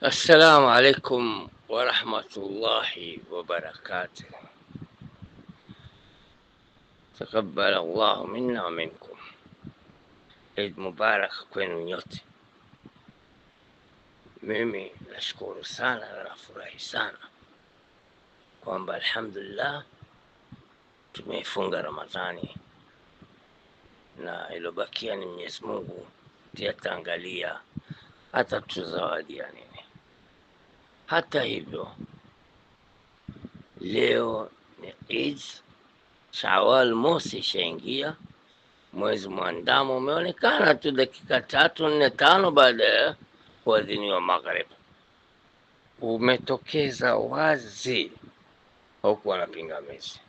Assalamu alaikum warahmatullahi wabarakatuh. Takabbal Allahu minna wa minkum. Eid mubarak kwenu nyote. Mimi nashukuru sana na nafurahi sana kwamba alhamdulillah tumeifunga Ramadhani na ilobakia ni Mwenyezi Mungu ndiye ataangalia hata tuzawadia nini hata hivyo leo ni Eid, Shawal mosi ishaingia, mwezi mwandamo umeonekana tu dakika tatu nne tano baada ya kuadhiniwa magharibi, umetokeza wazi, haukuwa na pingamizi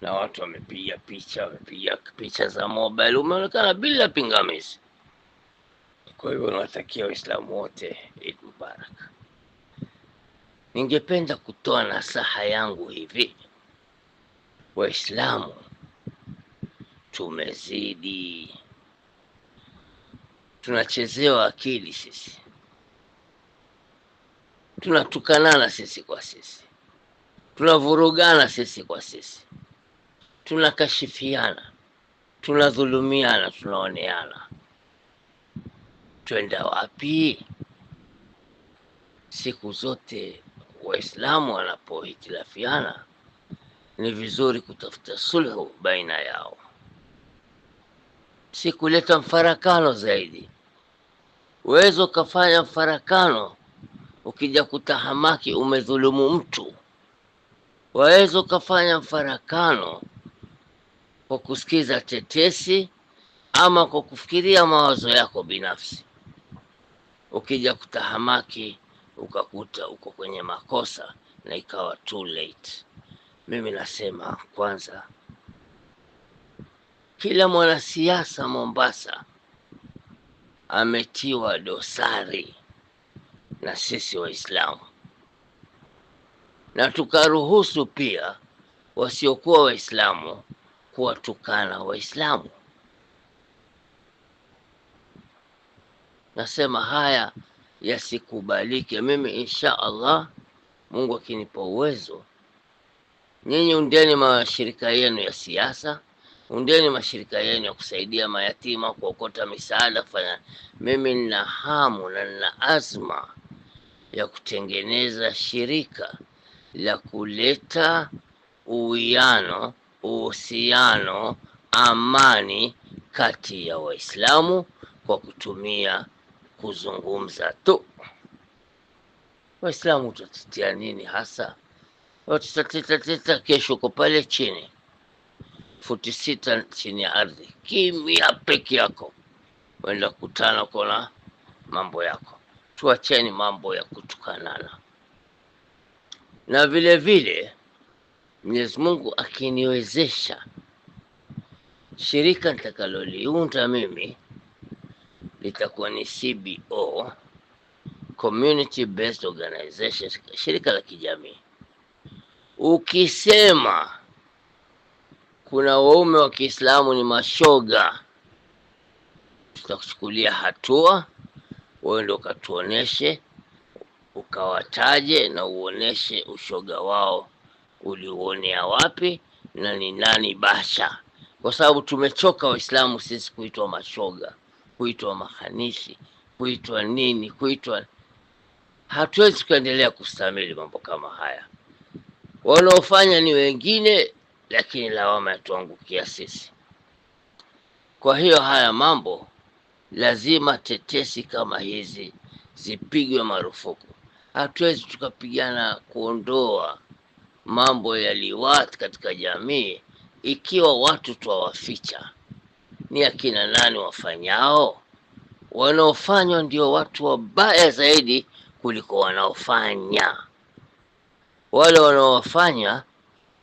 na watu wamepiga picha, wamepiga picha za mobile, umeonekana bila pingamizi. Kwa hivyo nawatakia Waislamu wote Eid Mubarak. Ningependa kutoa nasaha yangu hivi, Waislamu tumezidi, tunachezewa akili sisi, tunatukanana sisi kwa sisi, tunavurugana sisi kwa sisi, tunakashifiana, tunadhulumiana, tunaoneana. Twenda wapi? Siku zote Waislamu wanapohitilafiana ni vizuri kutafuta sulhu baina yao, si kuleta mfarakano zaidi. Uwezo ukafanya mfarakano, ukija kutahamaki umedhulumu mtu. Waweza ukafanya mfarakano kwa kusikiza tetesi ama kwa kufikiria mawazo yako binafsi. Ukija kutahamaki ukakuta uko kwenye makosa na ikawa too late. Mimi nasema kwanza, kila mwanasiasa Mombasa ametiwa dosari na sisi Waislamu, na tukaruhusu pia wasiokuwa Waislamu kuwatukana Waislamu. Nasema haya yasikubalike. Mimi insha Allah, Mungu akinipa uwezo, nyinyi undeni mashirika yenu ya siasa, undeni mashirika yenu ya kusaidia mayatima, kuokota misaada, fanya. Mimi nina hamu na nina azma ya kutengeneza shirika la kuleta uwiano, uhusiano, amani kati ya Waislamu kwa kutumia kuzungumza tu. Waislamu utatetea nini hasa? Watitetateta kesho kwa pale chini futi sita chini ya ardhi, kimya peke yako, wenda kutana kona mambo yako. Tuacheni mambo ya kutukanana. Na vile vile Mwenyezi Mungu akiniwezesha shirika nitakaloliunda mimi litakuwa ni CBO, Community Based Organization, shirika la kijamii. Ukisema kuna waume wa Kiislamu ni mashoga, tutakuchukulia hatua, wewe ndio ukatuoneshe, ukawataje na uoneshe ushoga wao uliuonea wapi na ni nani basha, kwa sababu tumechoka Waislamu sisi kuitwa mashoga kuitwa mahanisi, kuitwa nini, kuitwa hatuwezi kuendelea kustamili mambo kama haya. Wanaofanya ni wengine, lakini lawama yatuangukia sisi. Kwa hiyo haya mambo lazima tetesi kama hizi zipigwe marufuku. Hatuwezi tukapigana kuondoa mambo ya katika jamii ikiwa watu twawaficha ni akina nani wafanyao? Wanaofanywa ndio watu wabaya zaidi kuliko wanaofanya. Wale wanaofanya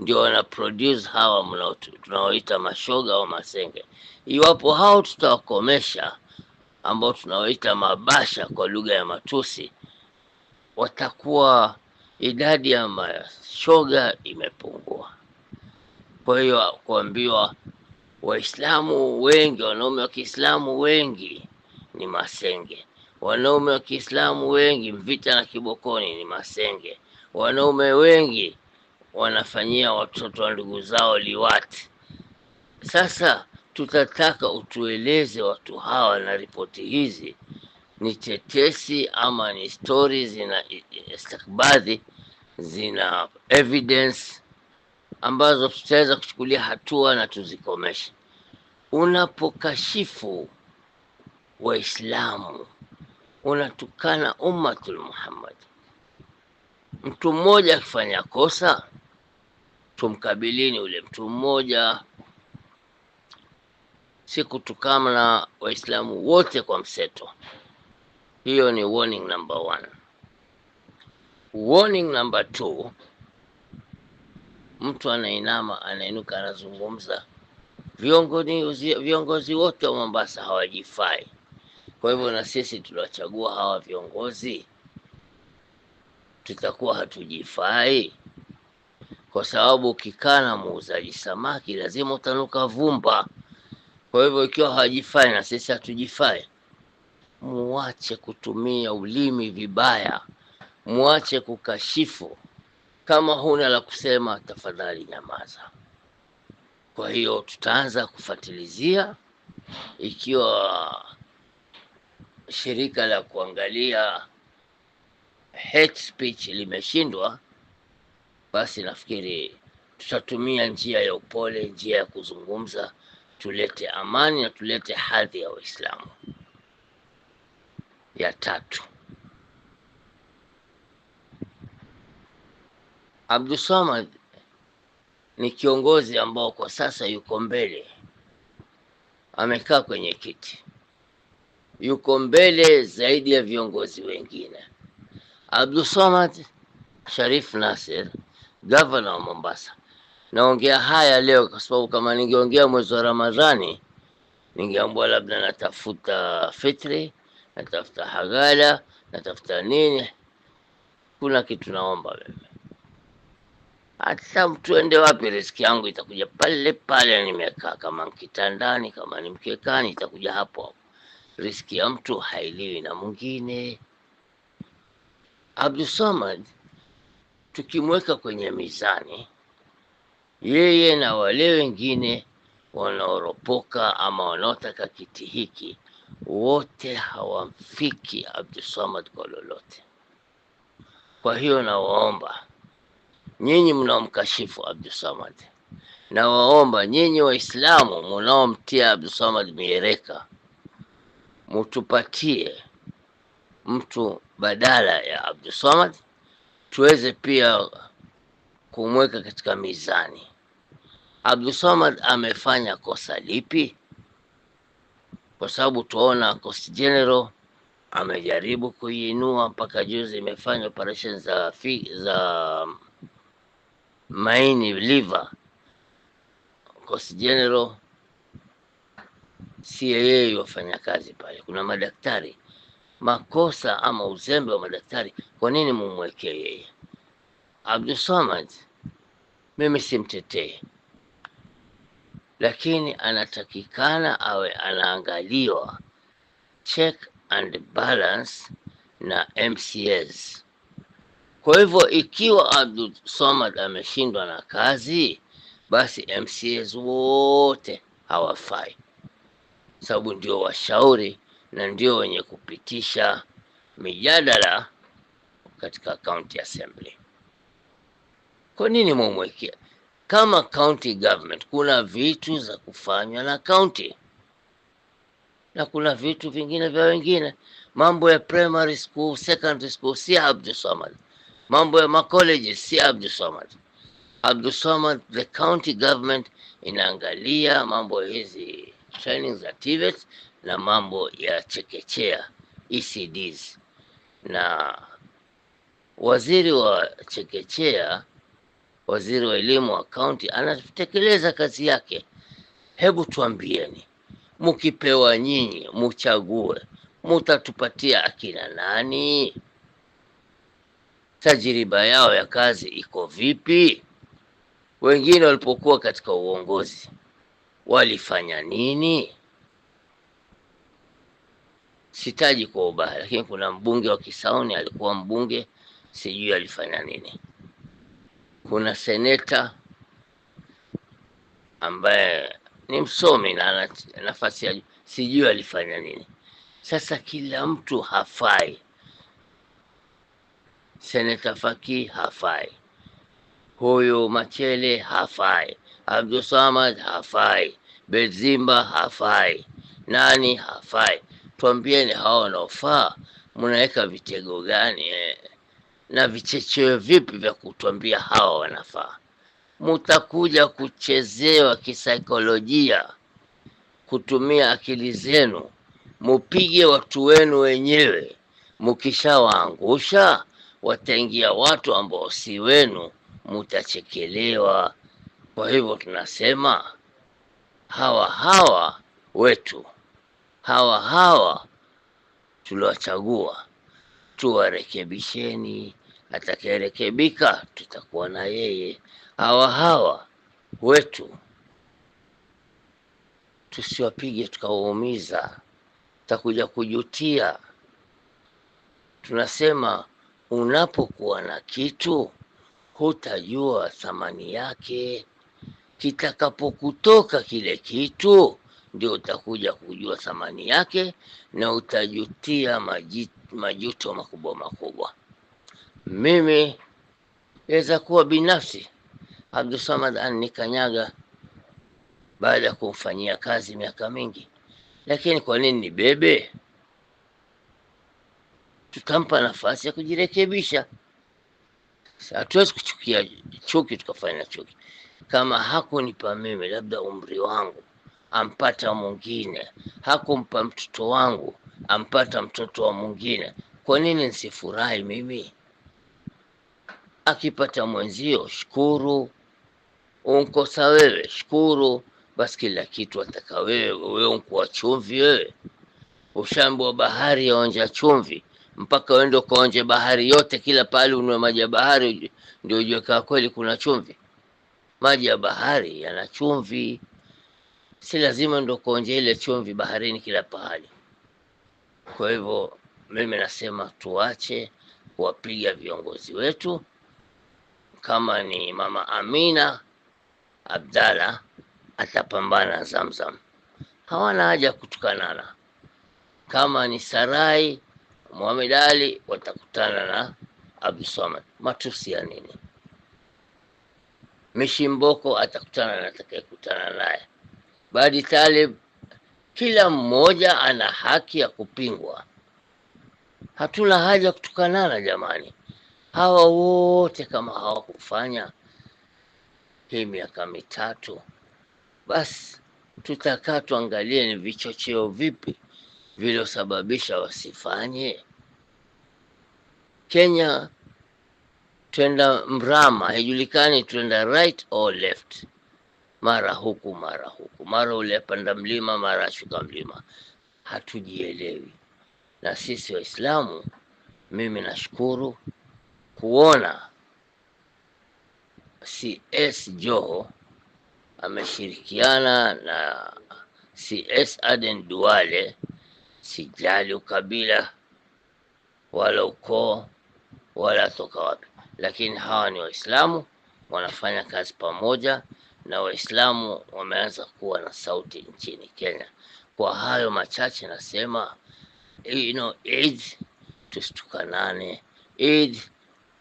ndio wana produce hawa tunaoita mashoga au masenge. Iwapo hao tutawakomesha, ambao tunaoita mabasha kwa lugha ya matusi, watakuwa idadi ya mashoga imepungua. Kwa hiyo kuambiwa Waislamu wengi, wanaume wa Kiislamu wengi ni masenge. Wanaume wa Kiislamu wengi Mvita na Kibokoni ni masenge. Wanaume wengi wanafanyia watoto wa ndugu zao liwati. Sasa tutataka utueleze watu hawa na ripoti hizi ni tetesi ama ni stori zina istakbadhi, zina evidence ambazo tutaweza kuchukulia hatua na tuzikomeshe. Unapokashifu Waislamu unatukana ummatul Muhammad. Mtu mmoja akifanya kosa, tumkabilini ule mtu mmoja, si kutukana Waislamu wote kwa mseto. Hiyo ni warning number one. Warning number two mtu anainama, anainuka, anazungumza. Viongozi viongozi wote wa Mombasa hawajifai. Kwa hivyo na sisi tunachagua hawa viongozi, tutakuwa hatujifai, kwa sababu ukikaa na muuzaji samaki lazima utanuka vumba. Kwa hivyo ikiwa hawajifai na sisi hatujifai, muache kutumia ulimi vibaya, muache kukashifu kama huna la kusema, tafadhali nyamaza. Kwa hiyo tutaanza kufatilizia ikiwa shirika la kuangalia hate speech limeshindwa, basi nafikiri tutatumia njia ya upole, njia ya kuzungumza, tulete amani na tulete hadhi ya Waislamu. Ya tatu Samad ni kiongozi ambao kwa sasa yuko mbele, amekaa kwenye kiti, yuko mbele zaidi ya viongozi wengine. Samad Sharif Nasir, gavana wa Mombasa. Naongea haya leo kwa sababu kama ningeongea mwezi wa Ramadhani ningeambua labda natafuta fitri, natafuta hagala, natafuta nini. Kuna kitu naomba wewe hata tuende wapi, riski yangu itakuja pale pale nimekaa. Kama nkitandani, kama ni mkekani, itakuja hapo hapo. Riski ya mtu hailiwi na mwingine. samad tukimweka kwenye mizani, yeye na wale wengine wanaoropoka ama wanaotaka kiti hiki, wote hawamfiki samad kwa lolote. Kwa hiyo nawaomba nyinyi mnaomkashifu Abdusamad, na waomba nyinyi Waislamu munaomtia Abdusamad miereka, mutupatie mtu badala ya Abdusamad tuweze pia kumweka katika mizani. Abdusamad amefanya kosa lipi? Kwa sababu tuona Coast General amejaribu kuiinua mpaka juzi imefanya operation za, za maini, liver, cost general, CAA wafanya kazi pale. Kuna madaktari makosa ama uzembe wa madaktari, kwa nini mumwekee yeye? Samad? mimi simtetee, lakini anatakikana awe anaangaliwa check and balance na MCS. Kwa hivyo ikiwa Abdul Somad ameshindwa na kazi, basi MCAs wote hawafai, sababu ndio washauri na ndio wenye kupitisha mijadala katika county assembly. Kwa nini mumwekea kama county government? Kuna vitu za kufanywa na county na kuna vitu vingine vya wengine. Mambo ya primary school, secondary school si Abdul Somad mambo ya makoleji si Abdulswamad. Abdulswamad, the county government inaangalia mambo hizi training za TVET na mambo ya chekechea ECDs, na waziri wa chekechea, waziri wa elimu wa kaunti anatekeleza kazi yake. Hebu tuambieni, mukipewa nyinyi muchague, mutatupatia akina nani? tajiriba yao ya kazi iko vipi? Wengine walipokuwa katika uongozi walifanya nini? Sitaji kwa ubaya, lakini kuna mbunge wa Kisauni alikuwa mbunge, sijui alifanya nini. Kuna seneta ambaye ni msomi na nafasi ya sijui alifanya nini. Sasa kila mtu hafai Seneta Faki hafai, huyu Machele hafai, Samad hafai, bezimba hafai, nani hafai? Twambieni hawa wanaofaa mnaweka vitego gani eh? na vichecheo vipi vya kutwambia hawa wanafaa? Mutakuja kuchezewa kisaikolojia kutumia akili zenu, mupige watu wenu wenyewe mukishawaangusha wataingia watu ambao si wenu, mutachekelewa. Kwa hivyo tunasema hawa hawa wetu, hawa hawa tuliwachagua, tuwarekebisheni. Atakayerekebika tutakuwa na yeye. Hawa hawa wetu tusiwapige tukawaumiza, takuja kujutia. Tunasema Unapokuwa na kitu hutajua thamani yake, kitakapokutoka kile kitu ndio utakuja kujua thamani yake na utajutia majuto makubwa makubwa. Mimi naweza kuwa binafsi Abdusamad anikanyaga baada ya kumfanyia kazi miaka mingi, lakini kwa nini nibebe? tukampa nafasi ya kujirekebisha. Sasa hatuwezi kuchukia chuki tukafanya chuki. Kama hakunipa mimi, labda umri wangu, ampata mwingine, hakumpa mtoto wangu, ampata mtoto wa mwingine, kwa nini nisifurahi mimi? Akipata mwenzio, shukuru. Unkosa wewe, shukuru. Basi kila kitu ataka wewe. Wewe unkuwa chumvi, wewe ushambo wa bahari yaonja chumvi mpaka uende ukaonje bahari yote, kila pale unwe maji ya bahari, ndio ujue kwa kweli kuna chumvi. Maji ya bahari yana chumvi, si lazima ndio kuonje ile chumvi baharini kila pahali. Kwa hivyo mimi nasema tuache kuwapiga viongozi wetu, kama ni Mama Amina Abdalla atapambana Zamzam, hawana haja ya kutukanana. Kama ni Sarai Muhammad Ali watakutana na Abdul Samad. Matusi ya nini? Mishimboko atakutana na atakayekutana naye Badi Talib. Kila mmoja ana haki ya kupingwa, hatuna haja kutukanana jamani. Hawa wote kama hawakufanya hii miaka mitatu, basi tutakaa tuangalie ni vichocheo vipi vilosababisha wasifanye? Kenya twenda mrama, haijulikani twenda right or left, mara huku mara huku, mara ule panda mlima, mara shuka mlima, hatujielewi. Na sisi Waislamu, mimi nashukuru kuona CS Joho ameshirikiana na CS Aden Duale sijali ukabila wala ukoo wala toka wapi, lakini hawa ni Waislamu wanafanya kazi pamoja, na Waislamu wameanza kuwa na sauti nchini Kenya. Kwa hayo machache nasema you know, Eid tusitukanane, Eid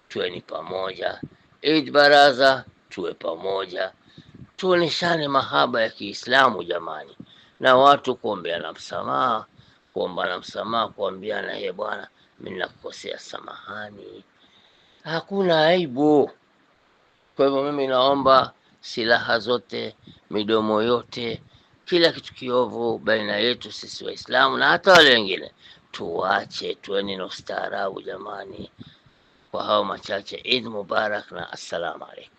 tuwe ni pamoja, Eid baraza tuwe pamoja, tuoneshane mahaba ya Kiislamu jamani, na watu kuombeana msamaha kuombana msamaha, kuambiana he bwana, mimi nakukosea, samahani. Hakuna aibu. Kwa hivyo mimi naomba silaha zote, midomo yote, kila kitu kiovu baina yetu sisi Waislamu na hata wale wengine tuwache, tuweni na ustaarabu jamani. Kwa hao machache, Eid Mubarak na assalamu alaikum.